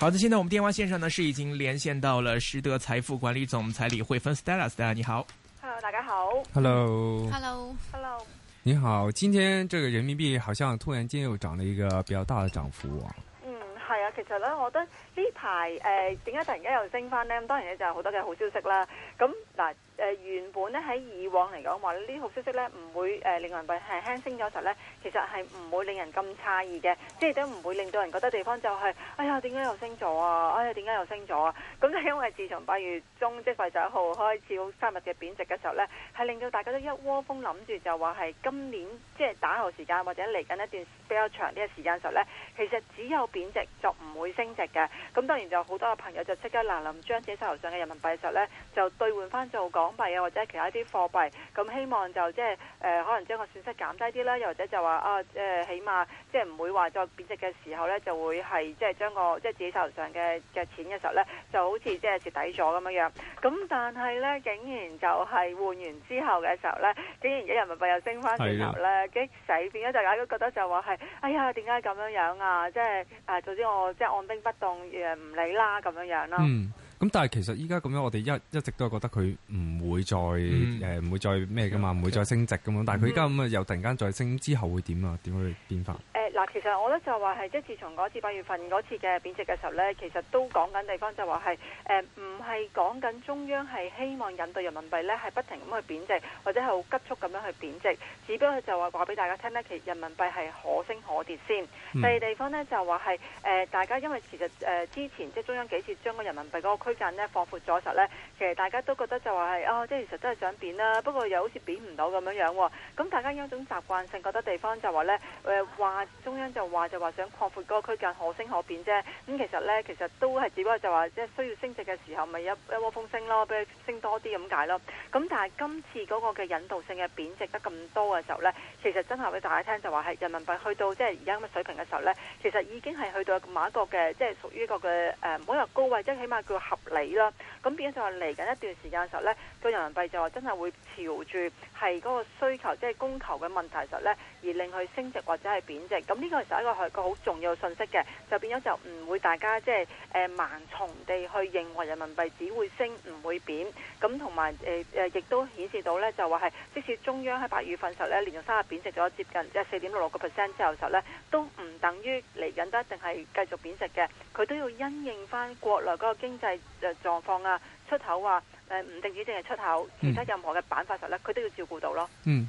好的，現在我們電話線上呢是已經連線到了實德財富管理總裁李慧芬 Stella，你好。Hello，大家好。Hello。Hello，Hello。你好，今天這個人民幣好像突然間又漲了一個比較大的漲幅啊。嗯，係啊，其實呢，我覺得呢排誒，呃、點解突然間又升翻呢？咁當然呢，就有好多嘅好消息啦。咁嗱。呃、原本咧喺以往嚟講話呢啲好消息呢唔會誒、呃、令人民幣係輕輕升咗時候咧，其實係唔會令人咁詫異嘅，即係都唔會令到人覺得地方就係、是，哎呀點解又升咗啊？哎呀點解又升咗啊？咁就因為自從八月中即係八月十一號開始好三日嘅貶值嘅時候呢係令到大家都一窩蜂諗住就話係今年即係、就是、打後時間或者嚟緊一段比較長啲嘅時間時候咧，其實只有貶值就唔會升值嘅。咁當然就好多嘅朋友就即刻嗱嗱將自己手頭上嘅人民幣嘅時候咧，就兌換翻做港。港幣啊，或者其他啲貨幣，咁希望就即係誒，可能將個損失減低啲啦，又或者就話啊誒、呃，起碼即係唔會話再貶值嘅時候咧，就會係即係將個即係自己手頭上嘅嘅錢嘅時候咧，就好似即係蝕底咗咁樣樣。咁但係咧，竟然就係換完之後嘅時候咧，竟然而家人民幣又升翻轉頭咧，激死！變咗，大家都覺得就話係，哎呀，點解咁樣樣啊？即係啊，總之我即係按兵不動，誒唔理啦咁樣樣、啊、咯。嗯咁但係其實依家咁樣，我哋一一直都係覺得佢唔會再誒唔、嗯呃、會再咩噶嘛，唔會再升值噶嘛、嗯。但係佢依家咁啊，又突然間再升之後會點啊？點去變化？誒、呃、嗱，其實我覺得就話係即係自從嗰次八月份嗰次嘅貶值嘅時候咧，其實都講緊地方就話係誒唔係講緊中央係希望引導人民幣咧係不停咁去貶值，或者係好急速咁樣去貶值。只不過就話話俾大家聽咧，其實人民幣係可升可跌先、嗯。第二地方咧就話係誒大家因為其實誒之前即係中央幾次將個人民幣嗰區間呢，放闊咗實呢，其實大家都覺得就話係啊，即、哦、係其實真係想貶啦、啊，不過又好似貶唔到咁樣樣、哦、咁、嗯、大家有一種習慣性覺得地方就話呢，誒、呃、話中央就話就話想擴闊嗰個區間，可升可貶啫。咁、嗯、其實呢，其實都係只不過就話即係需要升值嘅時候，咪一一窩蜂升咯，俾佢升多啲咁解咯。咁、嗯、但係今次嗰個嘅引導性嘅貶值得咁多嘅時候呢，其實真係俾大家聽就話係人民幣去到即係而家咁嘅水平嘅時候呢，其實已經係去到某一個嘅即係屬於一個嘅誒唔好話高位，即、就、係、是、起碼叫合。理啦，咁變咗就話嚟緊一段時間嘅時候咧，個人民幣就話真係會朝住係嗰個需求，即係供求嘅問題嘅時候咧。而令佢升值或者係貶值，咁呢個其實一個係個好重要嘅信息嘅，就變咗就唔會大家即係、誒、盲從地去認為人民幣只會升唔會貶，咁同埋誒亦都顯示到呢，就話係，即使中央喺八月份時候呢連續三日貶值咗接近即係四點六六個 percent 之後時候呢，都唔等於嚟緊都一定係繼續貶值嘅，佢都要因應翻國內嗰個經濟嘅狀況啊、出口啊、誒、呃、唔定止淨係出口，其他任何嘅板塊實呢，佢都要照顧到咯。嗯。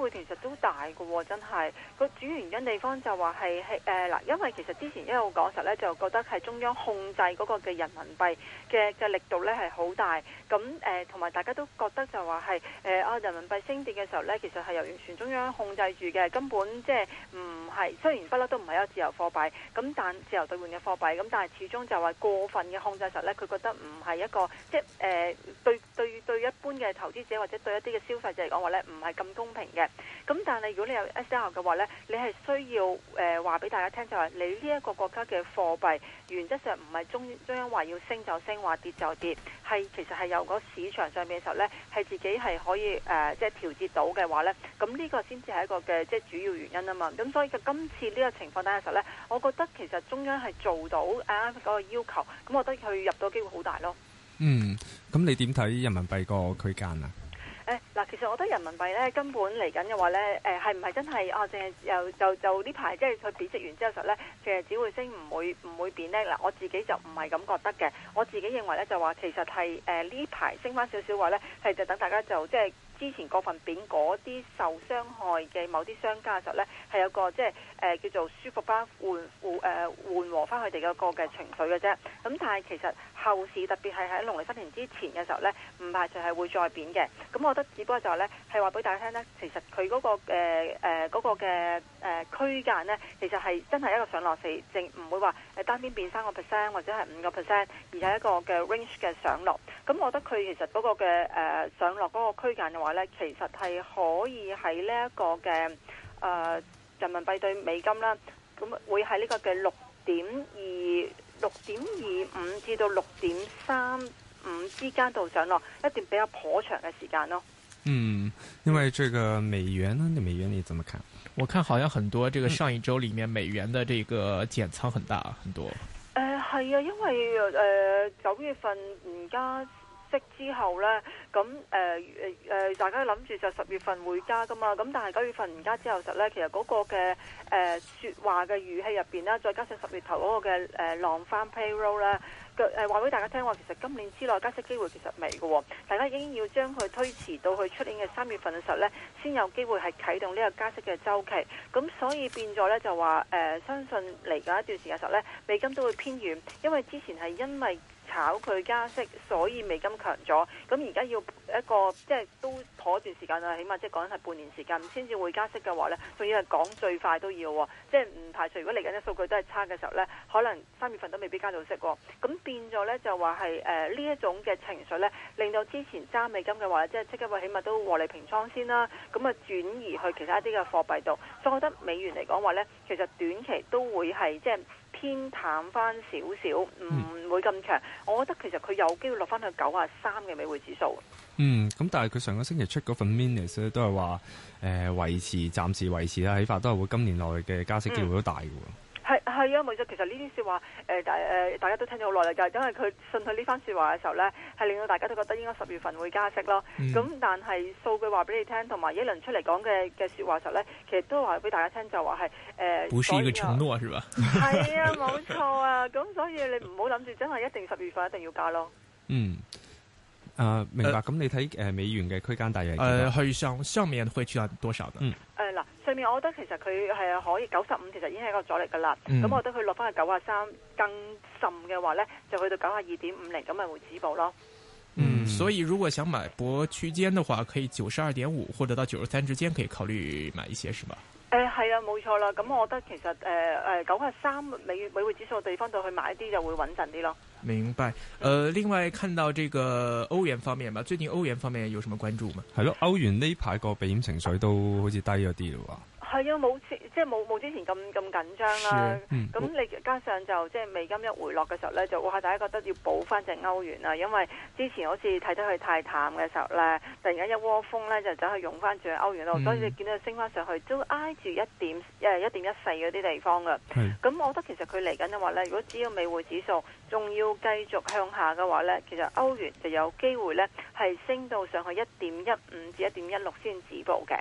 會其實都大嘅、哦，真係個主要原因的地方就話係係誒嗱，因為其實之前一路講實咧，就覺得係中央控制嗰個嘅人民幣嘅嘅力度咧係好大，咁誒同埋大家都覺得就話係誒啊，人民幣升跌嘅時候咧，其實係由完全中央控制住嘅，根本即係唔係雖然不嬲都唔係一個自由貨幣，咁但自由兌換嘅貨幣，咁但係始終就話過分嘅控制實咧，佢覺得唔係一個即係誒對對。對於嘅投資者或者對一啲嘅消費者嚟講話咧，唔係咁公平嘅。咁但係如果你有 SDR 嘅話咧，你係需要誒話俾大家聽、就是，就係你呢一個國家嘅貨幣原則上唔係中中央話要升就升，話跌就跌，係其實係由個市場上面嘅時候咧，係自己係可以誒即係調節到嘅話咧，咁呢個先至係一個嘅即係主要原因啊嘛。咁所以嘅今次呢個情況底下嘅時候咧，我覺得其實中央係做到誒、啊、嗰、嗰個要求，咁我覺得佢入到機會好大咯。嗯，咁你點睇人民幣個區間啊？誒，嗱，其實我覺得人民幣咧根本嚟緊嘅話咧，誒係唔係真係啊？淨係又就就呢排即係佢貶值完之後咧，其實只會升，唔會唔會貶咧。嗱，我自己就唔係咁覺得嘅，我自己認為咧就話其實係誒、呃、呢排升翻少少話咧，係就等大家就即係。之前嗰份貶嗰啲受傷害嘅某啲商家嘅時候呢，係有個即係、呃、叫做舒服翻、緩緩誒緩和翻佢哋嘅個嘅情緒嘅啫。咁但係其實後市特別係喺農曆新年之前嘅時候呢，唔排除係會再貶嘅。咁我覺得只不過就係呢，係話俾大家聽呢，其實佢嗰、嗰個誒誒嘅誒區間呢，其實係真係一個上落市，淨唔會話誒單邊變三個 percent 或者係五個 percent，而係一個嘅 range 嘅上落。咁我覺得佢其實嗰個嘅誒、呃、上落嗰個區間嘅話，咧，其實係可以喺呢一個嘅誒、呃、人民幣對美金啦，咁會喺呢個嘅六點二、六點二五至到六點三五之間度上落一段比較頗長嘅時間咯。嗯，因為這個美元呢，美元你怎麼看？我看好像很多這個上一周裡面美元的這個減倉很大很多。誒、嗯、係、呃、啊，因為誒九、呃、月份而家。息之後呢，咁誒誒大家諗住就十月份會加㗎嘛？咁但係九月份唔加之後呢，實咧其實嗰個嘅誒説話嘅語氣入邊啦，再加上十月頭嗰個嘅誒 non-farm payroll 呢，誒話俾大家聽話，其實今年之內加息機會其實未㗎喎，大家已經要將佢推遲到去出年嘅三月份嘅時候呢，先有機會係啟動呢個加息嘅周期。咁所以變咗呢，就話誒、呃，相信嚟緊一段時間實呢，美金都會偏軟，因為之前係因為。炒佢加息，所以美金強咗。咁而家要一個即係都妥一段時間啦，起碼即係講緊係半年時間先至會加息嘅話呢，仲要係講最快都要喎。即係唔排除如果嚟緊啲數據都係差嘅時候呢，可能三月份都未必加到息喎。咁變咗呢，就話係誒呢一種嘅情緒呢，令到之前揸美金嘅話，即係即刻話起碼都獲利平倉先啦。咁啊轉移去其他啲嘅貨幣度，所以我覺得美元嚟講的話呢，其實短期都會係即係。偏淡翻少少，唔、嗯嗯、會咁長。我覺得其實佢有機會落翻去九啊三嘅美匯指數。嗯，咁、嗯、但係佢上個星期出嗰份 minutes 咧，都係話誒維持，暫時維持啦，起碼都係會今年內嘅加息機會都大嘅喎。嗯係啊，冇錯。其實呢啲説話，誒、呃、誒，大家都聽咗好耐啦。就係因為佢信佢呢番説話嘅時候咧，係令到大家都覺得應該十月份會加息咯。咁、嗯、但係數據話俾你聽，同埋耶倫出嚟講嘅嘅説話時候咧，其實都話俾大家聽就話係誒。不是一個承諾，是吧？係 啊，冇錯啊。咁所以你唔好諗住真係一定十月份一定要加咯。嗯。啊、呃，明白。咁你睇誒美元嘅區間大約。去、呃、上上面會去到多少呢？嗯。誒對面、 嗯，我覺得其實佢係可以九十五，其實已經係一個阻力噶啦。咁我覺得佢落返去九啊三更甚嘅話咧，就去到九啊二點五零咁咪會止步咯。嗯，所以如果想買博區間嘅話，可以九十二點五或者到九十三之間可以考慮買一些，是吧？誒、呃，係啦、啊，冇錯啦，咁我覺得其實誒誒，九月三美美匯指數地方就去買一啲就會穩陣啲咯。明白。誒、呃嗯，另外看到這個歐元方面吧，最近歐元方面有什麼關注嗎？係咯，歐元呢排個避險情緒都好似低咗啲咯。係啊，冇即係冇冇之前咁咁緊張啦。咁、啊啊嗯、你加上就即係、就是、美金一回落嘅時候呢，就哇！大家覺得要補翻隻歐元啦，因為之前好似睇得佢太淡嘅時候呢，突然間一窩蜂呢，就走去湧翻住歐元度，所以你見到佢升翻上去都挨住一點一點一四嗰啲地方嘅。咁我覺得其實佢嚟緊嘅話呢，如果只要美匯指數仲要繼續向下嘅話呢，其實歐元就有機會呢，係升到上去一點一五至一點一六先止步嘅。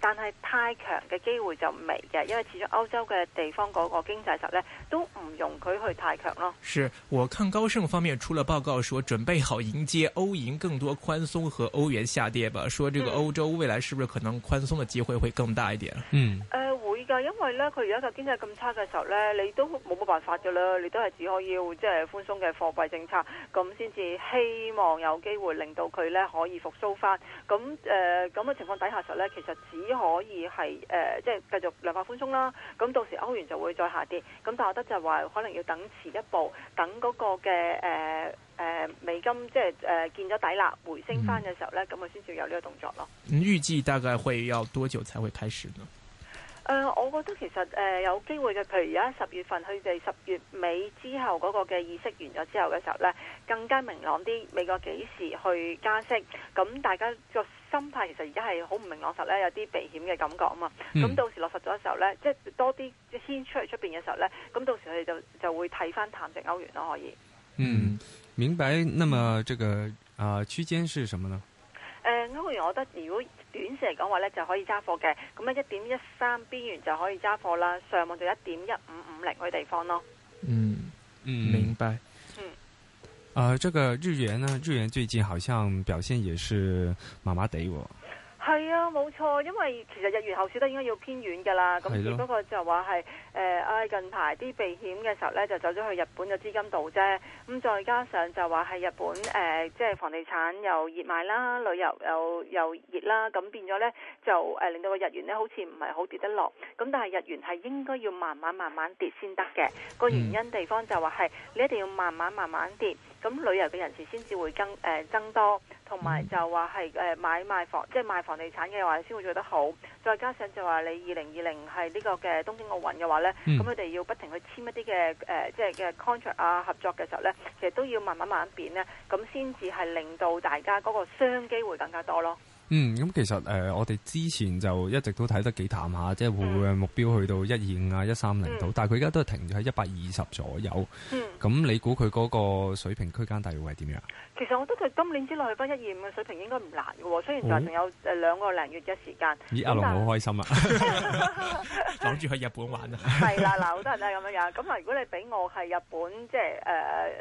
但係太強嘅。機會就未嘅，因為始終歐洲嘅地方嗰個經濟實力都唔容佢去太強咯。是我看高盛方面出了報告說，準備好迎接歐銀更多寬鬆和歐元下跌吧。說這個歐洲未來是不是可能寬鬆的機會會更大一點？嗯。嗯就因為咧，佢而家嘅經濟咁差嘅時候咧，你都冇冇辦法㗎喇，你都係只可以即係寬鬆嘅貨幣政策咁先至希望有機會令到佢咧可以復甦返。咁誒咁嘅情況底下時候咧，其實只可以係誒即係繼續量化寬鬆啦。咁到時歐元就會再下跌。咁但係我覺得就係話，可能要等遲一步，等嗰個嘅誒誒美金即係誒、呃、見咗底啦，回升返嘅時候咧，咁我先至有呢個動作咯、嗯。預計大概會要多久才會開始呢？誒、呃，我覺得其實誒、呃、有機會嘅，譬如而家十月份，佢哋十月尾之後嗰個嘅議息完咗之後嘅時候咧，更加明朗啲，美國幾時去加息？咁大家個心態其實而家係好唔明朗實咧，有啲避險嘅感覺啊嘛，咁、嗯、到時落實咗嘅時候咧，即係多啲先出嚟出面嘅時候咧，咁到時佢哋就就會睇翻淡值歐元咯，可以。嗯，明白。那麼這個啊區間是什麼呢？呃、歐元我覺得如果。短時嚟講話咧就可以揸貨嘅，咁咧一點一三邊緣就可以揸貨啦，上望就一點一五五零嗰啲地方咯。嗯，嗯，明白。嗯，啊、呃，這個日元呢？日元最近好像表現也是麻麻地喎。係啊，冇錯，因為其實日元後市都應該要偏軟嘅啦。咁只不過就話係誒啊，近排啲避險嘅時候咧，就走咗去日本嘅資金度啫。咁、嗯、再加上就話係日本誒，即、呃、係、就是、房地產又熱賣啦，旅遊又又熱啦，咁變咗咧就誒、呃、令到個日元咧好似唔係好跌得落。咁但係日元係應該要慢慢慢慢跌先得嘅。個、嗯、原因地方就話係你一定要慢慢慢慢跌。咁旅遊嘅人士先至會增、呃、增多，同埋就話係誒買賣房即係賣房地產嘅話，先會做得好。再加上就話你二零二零係呢個嘅東京奧運嘅話咧，咁佢哋要不停去簽一啲嘅即係嘅 contract 啊合作嘅時候咧，其實都要慢慢慢慢變咧，咁先至係令到大家嗰個商機會更加多咯。嗯，咁、嗯、其實誒、呃，我哋之前就一直都睇得幾淡下，即係會目標去到一二五啊、一三零度，但係佢而家都係停住喺一百二十左右。咁、嗯嗯、你估佢嗰個水平區間大約會係點樣？其實我覺得佢今年之內去翻一二五嘅水平應該唔難嘅喎，雖然就仲有誒兩個零月嘅時間。咦、哦，阿龍好開心啊！諗住去日本玩啊！ 係啦，嗱，好多人都係咁樣樣。咁啊，如果你俾我係日本即係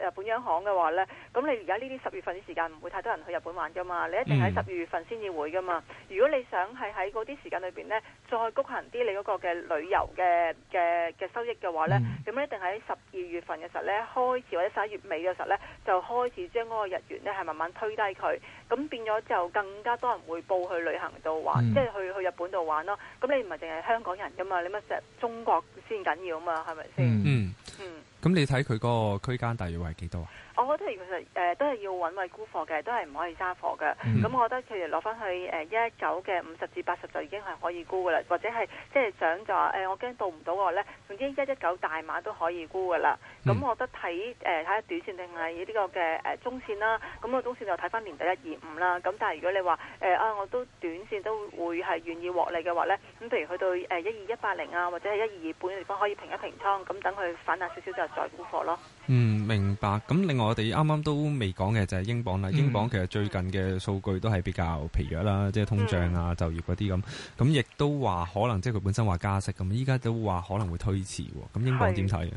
誒日本央行嘅話咧，咁你而家呢啲十月份啲時間唔會太多人去日本玩㗎嘛？你一定喺十月份先至、嗯。會噶嘛？如果你想係喺嗰啲時間裏邊呢，再谷行啲你嗰個嘅旅遊嘅嘅嘅收益嘅話呢咁、嗯、一定喺十二月份嘅時候呢，開始，或者十一月尾嘅時候呢，就開始將嗰個日元呢係慢慢推低佢。咁變咗就更加多人會報去旅行度玩，嗯、即係去去日本度玩咯。咁你唔係淨係香港人噶嘛？你乜成日中國先緊要啊嘛？係咪先？嗯嗯。咁你睇佢嗰個區間大約係幾多啊？我覺，是的是的嗯嗯、我覺得其實誒都係要搵位沽貨嘅，都係唔可以揸貨嘅。咁、欸我，嗯、我覺得其實攞翻去誒一一九嘅五十至八十就已經係可以沽嘅啦，或者係即係想就話誒，我驚到唔到嘅話咧，總之一一九大碼都可以沽嘅啦。咁我覺得睇誒睇下短線定係呢個嘅誒中線啦。咁、個中線就睇翻年底一二五啦。咁但係如果你話誒啊，我都短線都會係願意獲利嘅話咧，咁譬如去到誒一二一八零啊，或者係一二二半嘅地方可以平一平倉，咁等佢反彈少少就再沽貨咯。嗯，明白。咁另外。我哋啱啱都未講嘅就係英鎊啦、嗯，英鎊其實最近嘅數據都係比較疲弱啦、嗯，即係通脹啊、嗯、就業嗰啲咁，咁亦都話可能即係佢本身話加息咁，依家都話可能會推遲喎，咁英鎊點睇啊？誒，係、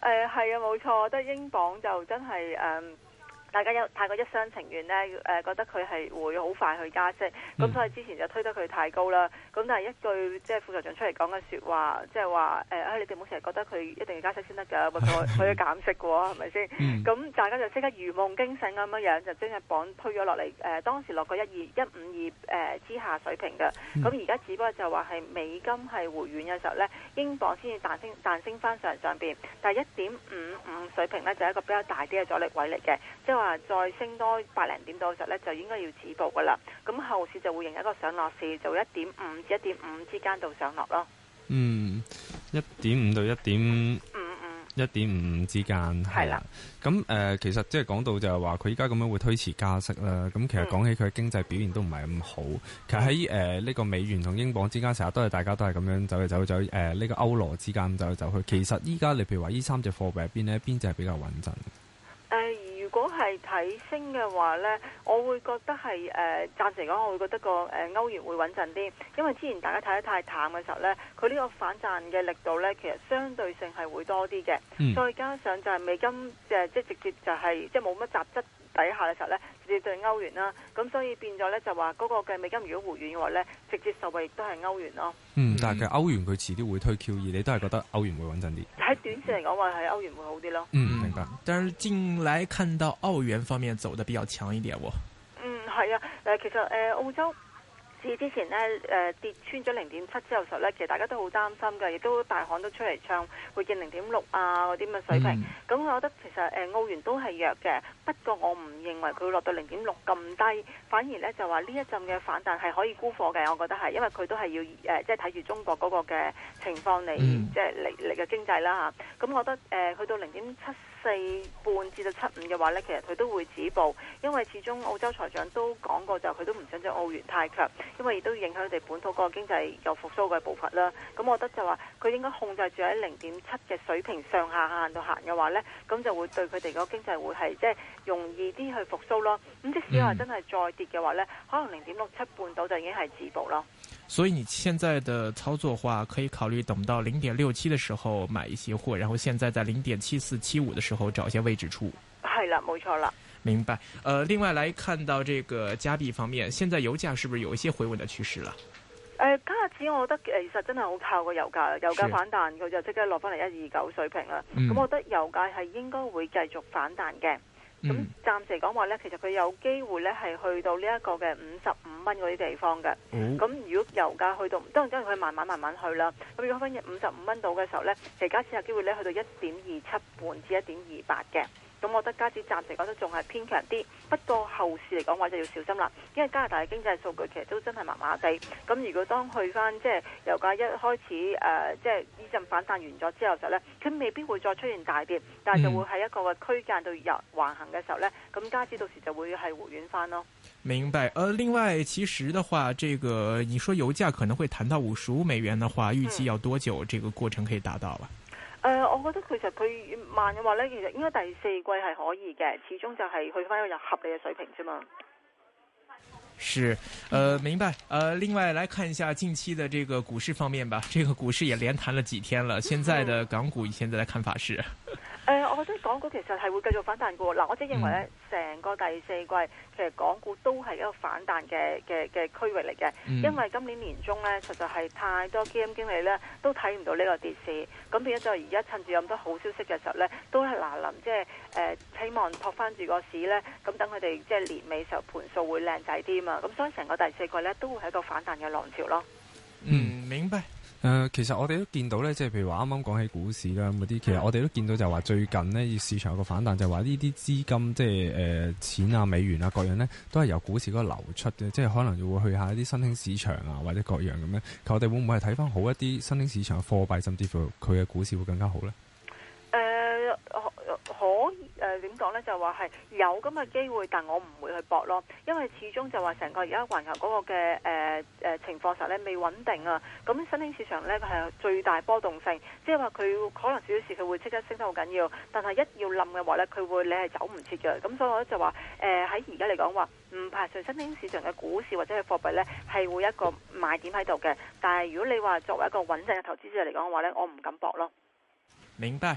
呃、啊，冇錯，我覺得英鎊就真係誒。嗯大家有太過一廂情願呢，誒、呃、覺得佢係會好快去加息，咁、嗯、所以之前就推得佢太高啦。咁但係一句即係、就是、副財長出嚟講嘅説話，即係話誒，啊、呃、你哋冇成日覺得佢一定要加息先得㗎，或者佢要減息嘅喎，係咪先？咁、嗯、大家就即刻如夢驚醒咁樣樣，就即係榜推咗落嚟。誒、呃、當時落過一二一五二誒之下水平嘅，咁而家只不過就話係美金係回軟嘅時候呢，英鎊先至彈升彈升翻上上邊。但係一點五五水平呢，就係、是、一個比較大啲嘅阻力位嚟嘅，即係話。再升多百零多點度，就咧就應該要止步噶啦。咁後市就會形成一個上落市，就一點五至一點五之間度上落咯。嗯，一點五到一點，五，嗯，一點五之間。係啦。咁誒、呃，其實即係講到就係話佢依家咁樣會推遲加息啦。咁其實講起佢經濟表現都唔係咁好、嗯。其實喺誒呢個美元同英鎊之間，成日都係大家都係咁樣走嚟走去走誒呢、呃呢個歐羅之間走嚟走去。其實依家你譬如話呢三隻貨幣入邊呢，邊隻係比較穩陣？睇升嘅話咧，我會覺得係誒，暫、呃、時講，我會覺得、那個誒歐、呃、元會穩陣啲，因為之前大家睇得太淡嘅時候咧，佢呢個反彈嘅力度咧，其實相對性係會多啲嘅，再、嗯、加上就係美金誒、呃，即係直接就係、係、即係冇乜雜質。底下嘅時候咧，直接對歐元啦，咁所以變咗咧就話嗰個嘅美金如果回軟嘅話咧，直接受惠亦都係歐元咯。嗯，但係佢歐元佢遲啲會推 QE，你都係覺得歐元會穩陣啲。喺短綫嚟講，話係歐元會好啲咯。嗯，明白。但係近來看到澳元方面走得比較強一啲啊。嗯，係啊。但誒，其實誒、呃，澳洲。之前呢，誒、呃、跌穿咗零點七之後，實咧其實大家都好擔心嘅，亦都大行都出嚟唱會見零點六啊嗰啲咁嘅水平。咁、嗯、我覺得其實誒、呃、澳元都係弱嘅，不過我唔認為佢會落到零點六咁低，反而呢，就話呢一陣嘅反彈係可以沽貨嘅，我覺得係，因為佢都係要誒即係睇住中國嗰個嘅情況嚟，即係嚟嚟嘅經濟啦嚇。咁、啊、我覺得誒、呃、去到零點七四半至到七五嘅話呢，其實佢都會止步，因為始終澳洲財長都講過就佢、是、都唔想將澳元太強。因為亦都影響佢哋本土嗰個經濟有復甦嘅步伐啦。咁我覺得就話佢應該控制住喺零點七嘅水平上下限度行嘅話呢，咁就會對佢哋嗰經濟會係即係容易啲去復甦咯。咁即使話真係再跌嘅話呢，可能零點六七半度就已經係止步咯。所以你現在的操作話，可以考慮等到零點六七嘅時候買一些貨，然後現在在零點七四七五的時候找一些位置出。係啦，冇錯啦。明白。誒、呃，另外來看到這個加幣方面，現在油價是不是有一些回穩的趨勢啦？誒、呃，加子，我覺得其實真係好靠個油價。油價反彈，佢就即刻落翻嚟一二九水平啦。咁、嗯、我覺得油價係應該會繼續反彈嘅。咁、嗯、暫時講話呢，其實佢有機會呢係去到呢一個嘅五十五蚊嗰啲地方嘅。咁、哦、如果油價去到，當然，當然佢慢慢慢慢去啦。咁如果翻五十五蚊到嘅時候呢，其實加子有機會呢去到一點二七半至一點二八嘅。咁我覺得加紙暫時覺得仲係偏強啲，不過後市嚟講話就要小心啦，因為加拿大嘅經濟數據其實都真係麻麻地。咁如果當去翻即係油價一開始即係依陣反彈完咗之後實咧，佢未必會再出現大跌，但係就會喺一個嘅區間度入橫行嘅時候咧，咁加紙到時就會係回軟翻咯。明白。誒，另外其實的話這個你說油價可能會彈到五十五美元的話，預期要多久？這個過程可以達到啊？嗯呃，我覺得其實佢慢嘅話呢，其實應該第四季係可以嘅，始終就係去翻一個有合理嘅水平啫嘛。是，呃，明白。呃，另外來看一下近期的這個股市方面吧。這個股市也連彈了幾天了。現在的港股，你現在的看法是？所以港股其實係會繼續反彈嘅嗱，我即係認為咧，成、嗯、個第四季其實港股都係一個反彈嘅嘅嘅區域嚟嘅、嗯，因為今年年中咧，實在係太多基金經理咧都睇唔到呢個跌市，咁變咗就而家趁住咁多好消息嘅時候咧，都係嗱臨即係誒希望托翻住個市咧，咁等佢哋即係年尾時候盤數會靚仔啲啊嘛，咁所以成個第四季咧都會係一個反彈嘅浪潮咯。嗯，嗯明白。誒、呃，其實我哋都見到咧，即係譬如話啱啱講起股市啦咁嗰啲，其實我哋都見到就係話最近呢市場有個反彈，就係話呢啲資金即係誒、呃、錢啊、美元啊各樣呢，都係由股市嗰度流出嘅，即係可能會去下一啲新興市場啊或者各樣咁樣。佢我哋會唔會係睇翻好一啲新興市場嘅貨幣，甚至乎佢嘅股市會更加好咧？誒，點講呢？就話係有咁嘅機會，但我唔會去搏咯，因為始終就話成個而家環球嗰個嘅誒、誒情況實咧未穩定啊。咁新興市場呢，佢係最大波動性，即係話佢可能少少時佢會即刻升得好緊要，但係一要冧嘅話呢，佢會你係走唔切嘅。咁所以我咧就話誒，喺而家嚟講話，唔排除新興市場嘅股市或者係貨幣呢，係會一個賣點喺度嘅。但係如果你話作為一個穩陣嘅投資者嚟講嘅話呢，我唔敢搏咯。明白。